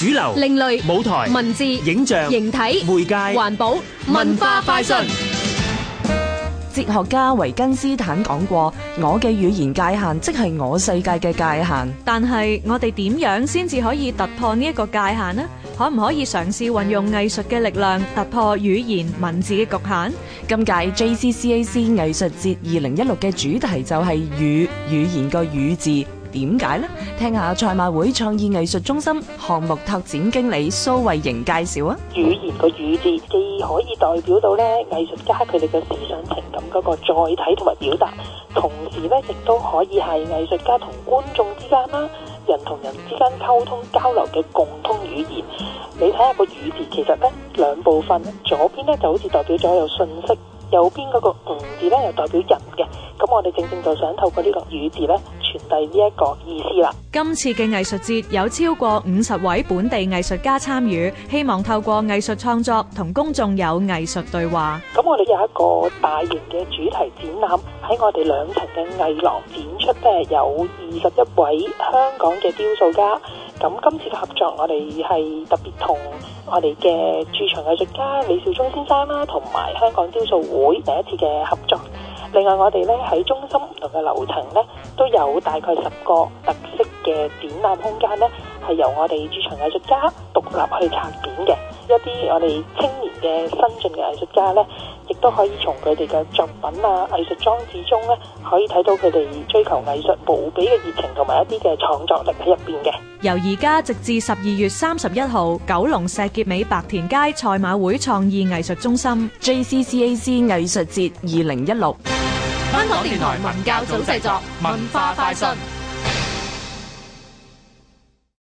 主流、另類舞台、文字、影像、形體、媒介、環保、文化快訊。哲學家維根斯坦講過：我嘅語言界限，即係我世界嘅界限。但係我哋點樣先至可以突破呢一個界限呢？可唔可以嘗試運用藝術嘅力量突破語言文字嘅局限？今屆 JCCAC 藝術節二零一六嘅主題就係語、語言個語字。點解呢？聽下賽馬會創意藝術中心項目拓展經理蘇慧瑩介紹啊！語言個語字既可以代表到咧藝術家佢哋嘅思想情感嗰個載體同埋表達，同時咧亦都可以係藝術家同觀眾之間啦、啊，人同人之間溝通交流嘅共通語言。你睇下個語字，其實咧兩部分，左邊咧就好似代表咗有訊息，右邊嗰個吾字咧又代表人嘅。咁我哋正正就想透過呢個語字咧。傳遞呢一個意思啦。今次嘅藝術節有超過五十位本地藝術家參與，希望透過藝術創作同公眾有藝術對話。咁我哋有一個大型嘅主題展覽喺我哋兩層嘅藝廊展出，即係有二十一位香港嘅雕塑家。咁今次嘅合作，我哋係特別同我哋嘅駐場藝術家李少聰先生啦，同埋香港雕塑會第一次嘅合作。另外，我哋咧喺中心唔同嘅樓層咧，都有大概十個特色嘅展覽空間咧，係由我哋駐場藝術家獨立去策展嘅。一啲我哋青年嘅新進嘅藝術家咧，亦都可以從佢哋嘅作品啊、藝術裝置中咧，可以睇到佢哋追求藝術無比嘅熱情同埋一啲嘅創作力喺入邊嘅。由而家直至十二月三十一號，九龍石硤尾白田街賽馬會創意藝術中心 JCCAC 藝術節二零一六。香港電台文教組製作《文化快訊》。